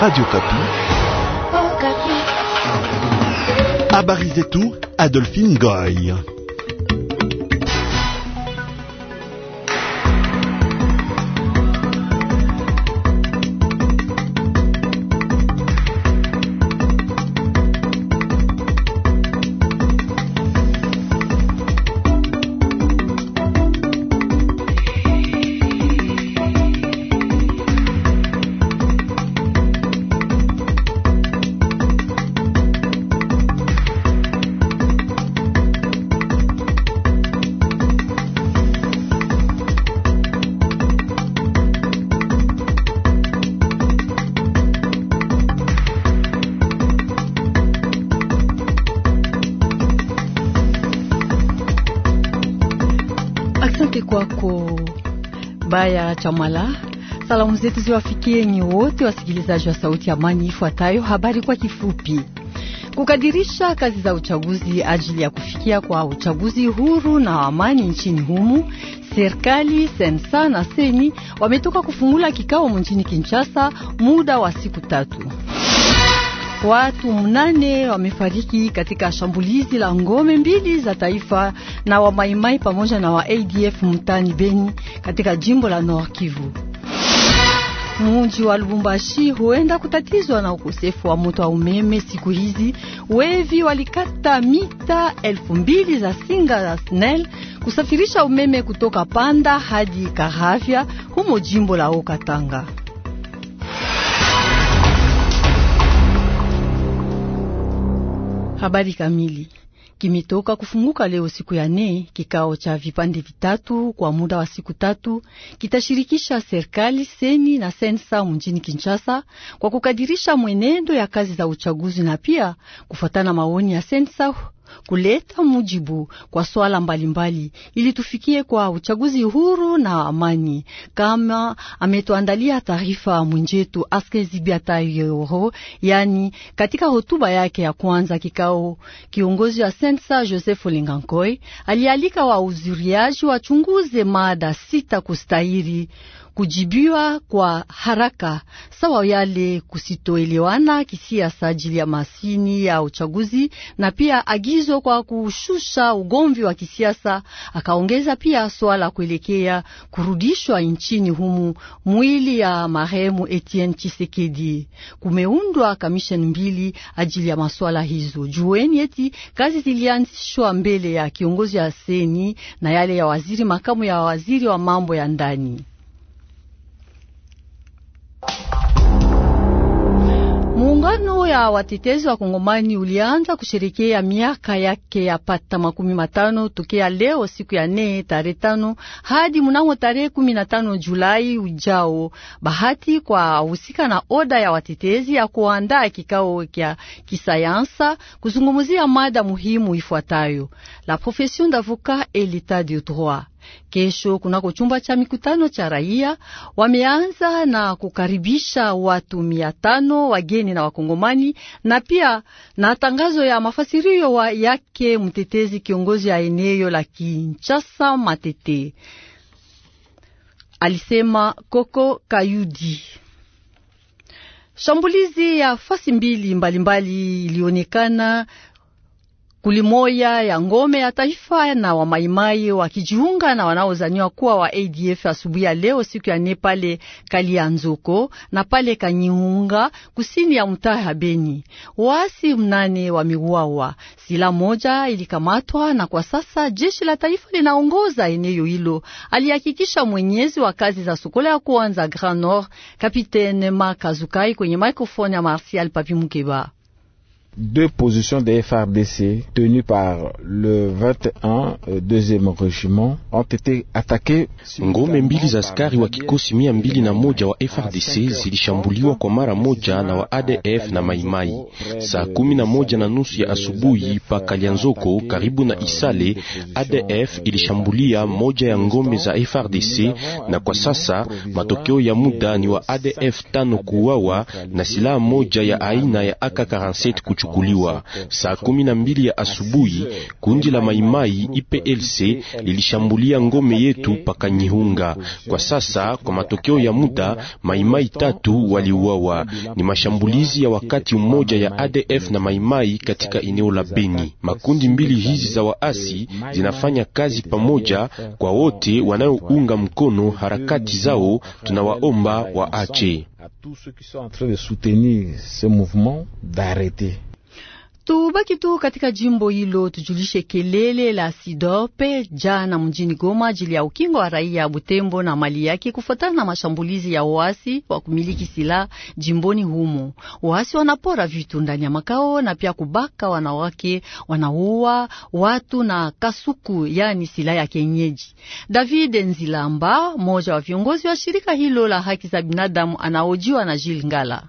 Radio Kapi. Habari oh, tout, Adolphine Goy. Asante kwako Baya Chamala. Salamu zetu ziwafikie nyi wote wasikilizaji wa Sauti ya Amani. Ifuatayo habari kwa kifupi. Kukadirisha kazi za uchaguzi ajili ya kufikia kwa uchaguzi huru na amani nchini humu, serikali sensa na seni wametoka kufungula kikao mjini Kinshasa muda wa siku tatu. Watu mnane wamefariki katika shambulizi la ngome mbili za taifa na wa Maimai pamoja na wa ADF mtani Beni katika jimbo la Nord Kivu. Muji wa Lubumbashi huenda kutatizwa na ukosefu wa moto wa umeme siku hizi. Wevi walikata mita elfu mbili za singa za SNEL kusafirisha umeme kutoka Panda hadi Karavya humo jimbo la Okatanga. Habari kamili kimetoka kufunguka leo siku ya nne. Kikao cha vipande vitatu kwa muda wa siku tatu kitashirikisha serikali, seni na sensa mjini Kinshasa kwa kukadirisha mwenendo ya kazi za uchaguzi na pia kufuatana maoni ya sensa kuleta mujibu kwa swala mbalimbali ili tufikie kwa uchaguzi huru na amani, kama ametuandalia taarifa mwenjetu Askezi yoro Yani, katika hotuba yake ya kwanza kikao, kiongozi wa sensa Joseph lingankoi alialika wauzuriaji wachunguze mada sita kustahiri kujibiwa kwa haraka sawa yale kusitoelewana kisiasa ajili ya masini ya uchaguzi na pia agizo kwa kushusha ugomvi wa kisiasa. Akaongeza pia swala kuelekea kurudishwa nchini humu mwili ya marehemu Etienne Chisekedi. Kumeundwa kamisheni mbili ajili ya maswala hizo. Jueni eti kazi zilianzishwa mbele ya kiongozi ya seni na yale ya waziri makamu ya waziri wa mambo ya ndani. Muungano ya watetezi wa Kongomani ulianza kusherekea miaka yake ya pata makumi matano tokea leo siku ya nne tarehe tano hadi mnamo tarehe kumi na tano Julai ujao. Bahati kwa husika na oda ya watetezi ya kuandaa kikao kya kisayansa kuzungumzia mada muhimu ifuatayo: la profession d'avocat et l'état du droit Kesho kunako chumba cha mikutano cha raia wameanza na kukaribisha watu mia tano wageni na wakongomani na pia na tangazo ya mafasirio wa yake mtetezi kiongozi ya eneo la Kinshasa Matete alisema Koko Kayudi. Shambulizi ya fasi mbili mbalimbali ilionekana kulimoya ya ngome ya taifa na wamaimai wakijiunga na wanaozaniwa kuwa wa ADF asubuhi ya leo siku ya nne pale Kalianzuko na pale Kanyiunga kusini ya mtaa ya Beni. Waasi mnane wameuawa, sila moja ilikamatwa, na kwa sasa jeshi la taifa linaongoza eneo hilo, alihakikisha mwenyezi wa kazi za Sokola ya kwanza Grand Nord, Kapitene Makazukai kwenye mikrofoni ya Martial Papi Mukeba. deux positions des FRDC tenues par le 21 euh, deuxième régiment ont été attaquées. Ngome mbili za askari wa kikosi mia mbili na moja wa FRDC zilishambuliwa kwa mara moja na wa ADF na Maimai saa kumi na moja na nusu ya asubuhi pa Kalianzoko karibu na Isale. ADF ilishambulia moja ya ngome za FRDC, na kwa sasa matokeo ya muda ni wa ADF tano kuuawa na silaha moja ya aina ya AK-47 kuchukuliwa. Saa kumi na mbili ya asubuhi kundi la maimai IPLC lilishambulia ngome yetu paka Nyihunga. Kwa sasa, kwa matokeo ya muda, maimai tatu waliuawa. Ni mashambulizi ya wakati mmoja ya ADF na maimai katika eneo la Beni. Makundi mbili hizi za waasi zinafanya kazi pamoja. Kwa wote wanayounga mkono harakati zao, tunawaomba waache. Tubaki tu katika jimbo hilo, tujulishe kelele la Sidope jana mjini Goma ajili ya ukingo wa raia Butembo na mali yake kufuatana na mashambulizi ya waasi wa kumiliki silaha jimboni humo. Waasi wanapora vitu ndani ya makao na pia kubaka wanawake, wanaua watu na kasuku, yani silaha ya kienyeji. David Nzilamba, mmoja wa viongozi wa shirika hilo la haki za binadamu, anaojiwa na Jilingala.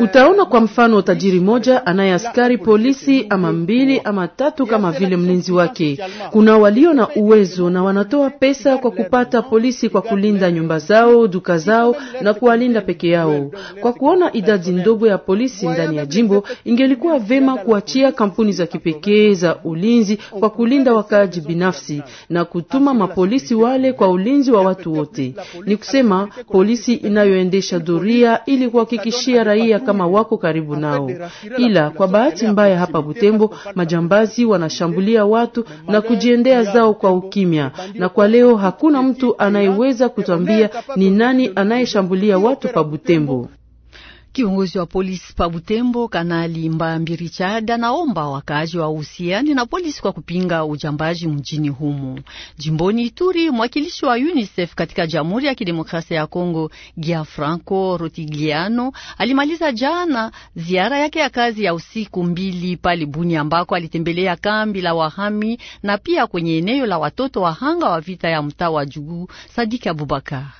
Utaona kwa mfano tajiri moja anaye askari polisi ama mbili ama tatu kama vile mlinzi wake. Kuna walio na uwezo na wanatoa pesa kwa kupata polisi kwa kulinda nyumba zao, duka zao na kuwalinda peke yao. Kwa kuona idadi ndogo ya polisi ndani ya jimbo, ingelikuwa vema kuachia kampuni za kipekee za ulinzi kwa kulinda wakaaji binafsi na kutuma mapolisi wale kwa ulinzi wa watu wote. Ni kusema polisi inayoendesha doria ili kuhakikisha kuhakikishia raia kama wako karibu nao. Ila kwa bahati mbaya, hapa Butembo majambazi wanashambulia watu na kujiendea zao kwa ukimya, na kwa leo hakuna mtu anayeweza kutwambia ni nani anayeshambulia watu pa Butembo. Kiongozi wa polisi pa Butembo, Kanali Mbambi Richard, anaomba wakaaji wa uhusiani na polisi kwa kupinga ujambaji mjini humo. Jimboni Ituri, mwakilishi wa UNICEF katika Jamhuri ya Kidemokrasia ya Kongo, Gianfranco Rotigliano, alimaliza jana ziara yake ya kazi ya usiku mbili pale Buni, ambako alitembelea kambi la wahami na pia kwenye eneo la watoto wahanga wa vita ya mtaa wa Jugu. Sadiki Abubakar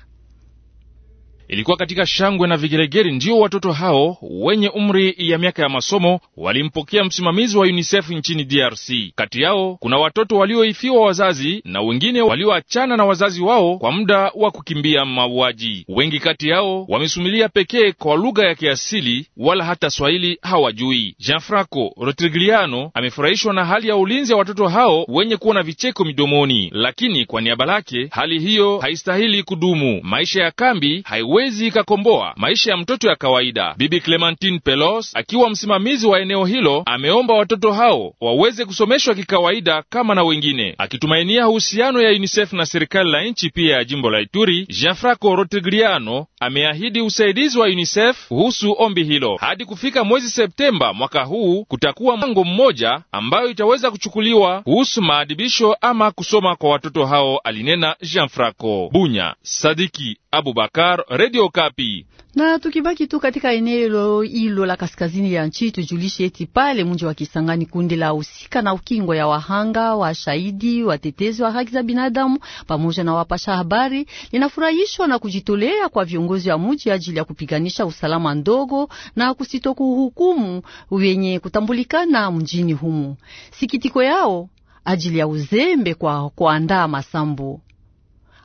Ilikuwa katika shangwe na vigeregeri ndio watoto hao wenye umri ya miaka ya masomo walimpokea msimamizi wa UNICEF nchini DRC. Kati yao kuna watoto walioifiwa wazazi na wengine walioachana na wazazi wao kwa muda wa kukimbia mauaji. Wengi kati yao wamesumilia pekee kwa lugha ya kiasili, wala hata Swahili hawajui. Gianfranco Rotrigliano amefurahishwa na hali ya ulinzi ya watoto hao wenye kuwa na vicheko midomoni, lakini kwa niaba lake hali hiyo haistahili kudumu. Maisha ya kambi haiwe haiwezi ikakomboa maisha ya mtoto ya kawaida. Bibi Clementine Pelos akiwa msimamizi wa eneo hilo ameomba watoto hao waweze kusomeshwa kikawaida kama na wengine, akitumainia uhusiano ya UNICEF na serikali la nchi pia ya jimbo la Ituri. Gianfranco Rotigliano ameahidi usaidizi wa UNICEF kuhusu ombi hilo. Hadi kufika mwezi Septemba mwaka huu, kutakuwa mpango mmoja ambayo itaweza kuchukuliwa kuhusu maadibisho ama kusoma kwa watoto hao, alinena Gianfranco Bunya Sadiki Abubakar, Radio Kapi. Na tukibaki tu katika eneo hilo la kaskazini ya nchi, tujulishe eti pale mji wa Kisangani kundi la husika na ukingo ya wahanga wa shahidi watetezi wa haki za binadamu pamoja na wapasha habari linafurahishwa na kujitolea kwa viongozi wa mji ajili ya kupiganisha usalama ndogo na kusitokuhukumu wenye kutambulikana mjini humu. Sikitiko yao ajili ya uzembe kwa kuandaa masambu.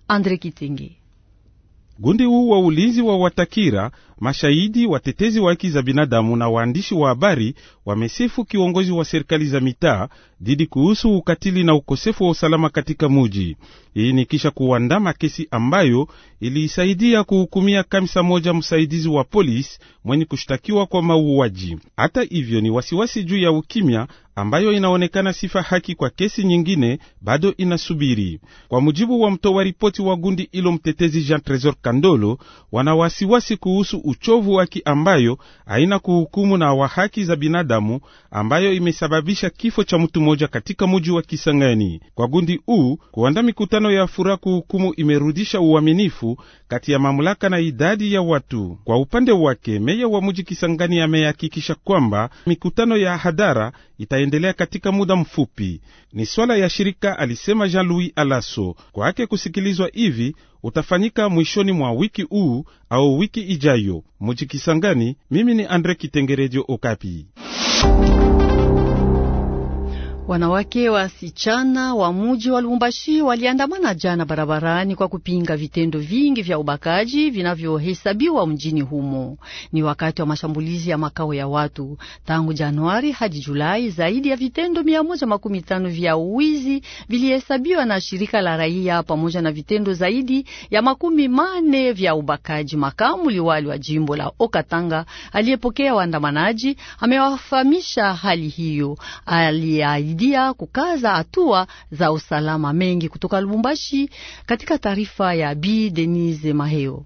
Andre Kitenge Gundi huu wa ulinzi wa Watakira Mashahidi, watetezi wa haki za binadamu na waandishi wa habari wamesifu kiongozi wa serikali za mitaa dhidi kuhusu ukatili na ukosefu wa usalama katika muji. Hii ni kisha kuandama kesi ambayo iliisaidia kuhukumia kamisa moja msaidizi wa polisi mwenye kushtakiwa kwa mauaji. Hata hivyo, ni wasiwasi juu ya ukimya ambayo inaonekana sifa haki kwa kesi nyingine bado inasubiri. Kwa mujibu wa mtoa ripoti wa gundi ilo, mtetezi Jean Tresor Kandolo, wana wasiwasi kuhusu uchovu wake ambayo haina kuhukumu na wa haki za binadamu ambayo imesababisha kifo cha mtu mmoja katika muji wa Kisangani. Kwa gundi huu kuanda mikutano ya furaha kuhukumu imerudisha uaminifu kati ya mamlaka na idadi ya watu. Kwa upande wake meya wa muji Kisangani amehakikisha kwamba mikutano ya hadhara itaendelea katika muda mfupi. Ni swala ya shirika, alisema Jean-Louis Alaso. Kwake kusikilizwa hivi utafanyika mwishoni mwa wiki huu au wiki ijayo. Mujikisangani, mimi ni Andre Kitengerejo, Okapi. Wanawake wasichana wa muji wa Lubumbashi waliandamana jana barabarani kwa kupinga vitendo vingi vya ubakaji vinavyohesabiwa mjini humo. Ni wakati wa mashambulizi ya makao ya watu tangu Januari hadi Julai, zaidi ya vitendo mia moja makumi tano vya uwizi vilihesabiwa na shirika la raia pamoja na vitendo zaidi ya makumi mane vya ubakaji. Makamu liwali wa jimbo la Okatanga aliyepokea waandamanaji amewafahamisha hali hiyo Ali kusaidia kukaza hatua za usalama mengi. Kutoka Lubumbashi, katika taarifa ya Bi Denise Maheo.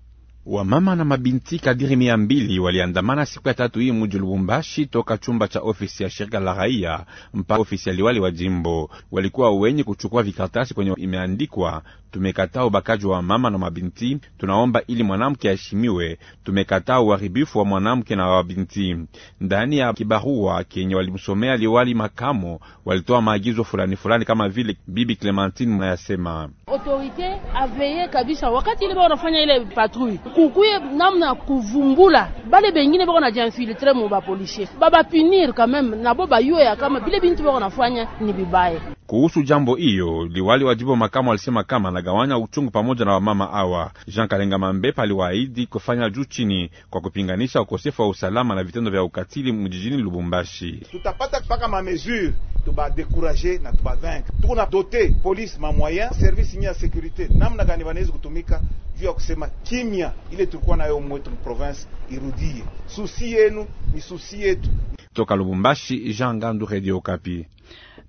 Wamama na mabinti kadiri mia mbili waliandamana siku ya tatu hii muji Lubumbashi, toka chumba cha ofisi ya shirika la raia mpaka ofisi ya liwali wa jimbo. Walikuwa wenye kuchukua vikaratasi kwenye imeandikwa tumekataa ubakaji wa wamama na mabinti, tunaomba ili mwanamke aheshimiwe, tumekataa uharibifu wa mwanamke na wabinti. Ndani ya kibarua kenye walimsomea liwali makamo, walitoa maagizo fulani fulani, kama vile bibi Clementine mnayasema kukuye namna ya kuvumbula bale bengine bako na janfiltre mu bapolisie babapunir quand même nabo bayue ya kama bile bintu bako nafanya ni bibaye kuhusu jambo hiyo, liwali wa jimbo makamu alisema kama anagawanya uchungu pamoja na wamama awa. Jean Kalenga Mambepa aliwaahidi kufanya juu chini kwa kupinganisha ukosefu wa usalama na vitendo vya ukatili mjijini Lubumbashi. tutapata mpaka tubadekuraje na Tuko na dote polisi service ya namna gani wanaweza kutumika juu ya kusema kimya ile tulikuwa nayo mwetu province irudie. Susi yenu ni susi yetu. Toka Lubumbashi, Jean Gandu, Radio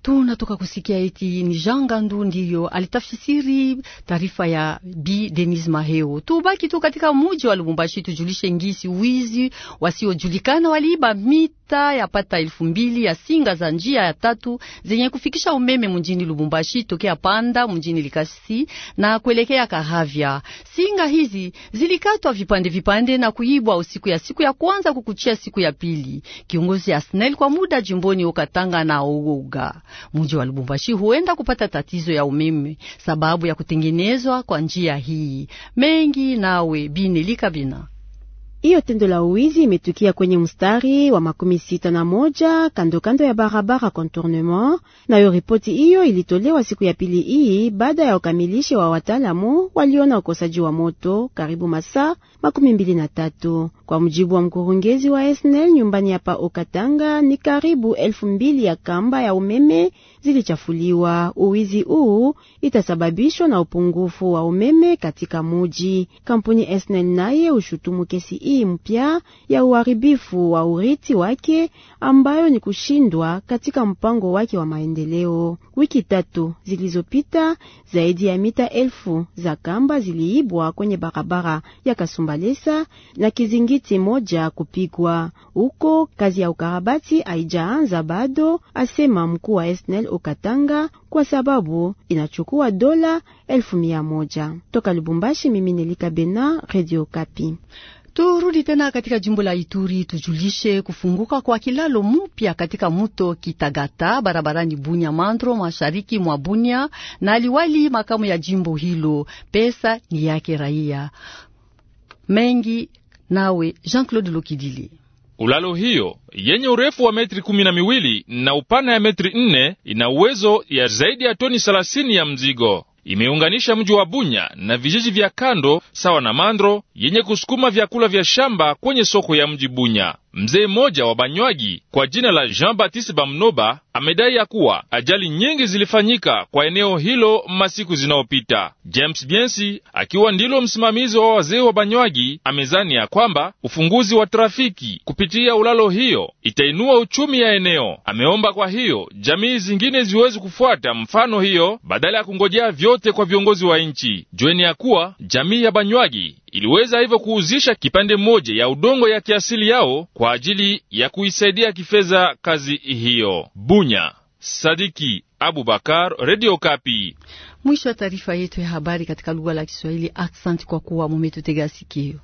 tunatoka kusikia eti ni Jean Gandu ndiyo alitafsiri taarifa ya b Denis Maheo. Tubaki tu katika muji wa Lubumbashi, tujulishe ngisi wizi wasiojulikana waliiba miti mitaa yapata elfu mbili ya singa za njia ya tatu zenye kufikisha umeme mjini Lubumbashi tokea Panda mjini Likasi na kuelekea Kahavya. Singa hizi zilikatwa vipande vipande na kuibwa usiku ya siku ya kwanza kukuchia siku ya pili. Kiongozi ya SNEL kwa muda jimboni Okatanga na Ouga, mji wa Lubumbashi huenda kupata tatizo ya umeme sababu ya kutengenezwa kwa njia hii mengi. Nawe Binelika Bina hiyo tendo la uwizi imetukia kwenye mstari wa makumi sita na moja kando kando ya barabara contournement. Nayo ripoti hiyo ilitolewa siku ya pili hii baada ya ukamilishi wa wataalamu waliona ukosaji wa moto karibu masaa makumi mbili na tatu. Kwa mujibu wa mkurugenzi wa SNEL nyumbani hapa Okatanga, ni karibu elfu mbili ya kamba ya umeme zilichafuliwa. Uwizi huu itasababishwa na upungufu wa umeme katika muji. Kampuni SNEL naye ushutumu kesi hii mpya ya uharibifu wa urithi wake ambayo ni kushindwa katika mpango wake wa maendeleo. Wiki tatu zilizopita, zaidi ya mita elfu za kamba ziliibwa kwenye barabara ya Kasumbalesa na kizingiti moja kupigwa huko. Kazi ya ukarabati haijaanza bado, asema mkuu wa SNEL Okatanga, kwa sababu inachukua dola elfu mia moja toka Lubumbashi. Mimi Nelika Bena, Radio Kapi. Turudi tena katika jimbo la Ituri tujulishe kufunguka kwa kilalo mupya katika muto Kitagata barabarani Bunya Mandro mashariki mwa Bunya, na aliwali makamu ya jimbo hilo, pesa ni yake raia mengi. Nawe Jean-Claude Lokidili. Ulalo hiyo yenye urefu wa metri kumi na miwili na upana ya metri nne ina uwezo ya zaidi ya toni 30 ya mzigo imeunganisha mji wa Bunya na vijiji vya kando sawa na Mandro yenye kusukuma vyakula vya shamba kwenye soko ya mji Bunya. Mzee mmoja wa banywaji kwa jina la Jean Baptiste Bamnoba amedai ya kuwa ajali nyingi zilifanyika kwa eneo hilo masiku zinaopita. James Biensi akiwa ndilo msimamizi wa wazee wa banywagi amezani ya kwamba ufunguzi wa trafiki kupitia ulalo hiyo itainua uchumi ya eneo. Ameomba kwa hiyo jamii zingine ziweze kufuata mfano hiyo badala ya kungojea vyote kwa viongozi wa nchi. Jueni ya kuwa jamii ya banywagi iliweza hivyo kuuzisha kipande mmoja ya udongo ya kiasili yao kwa ajili ya kuisaidia kifedha kazi hiyo. Bunya Sadiki Abubakar, Radio Kapi. Mwisho wa taarifa yetu ya habari katika lugha la Kiswahili. Aksanti kwa kuwa mumetutega sikio.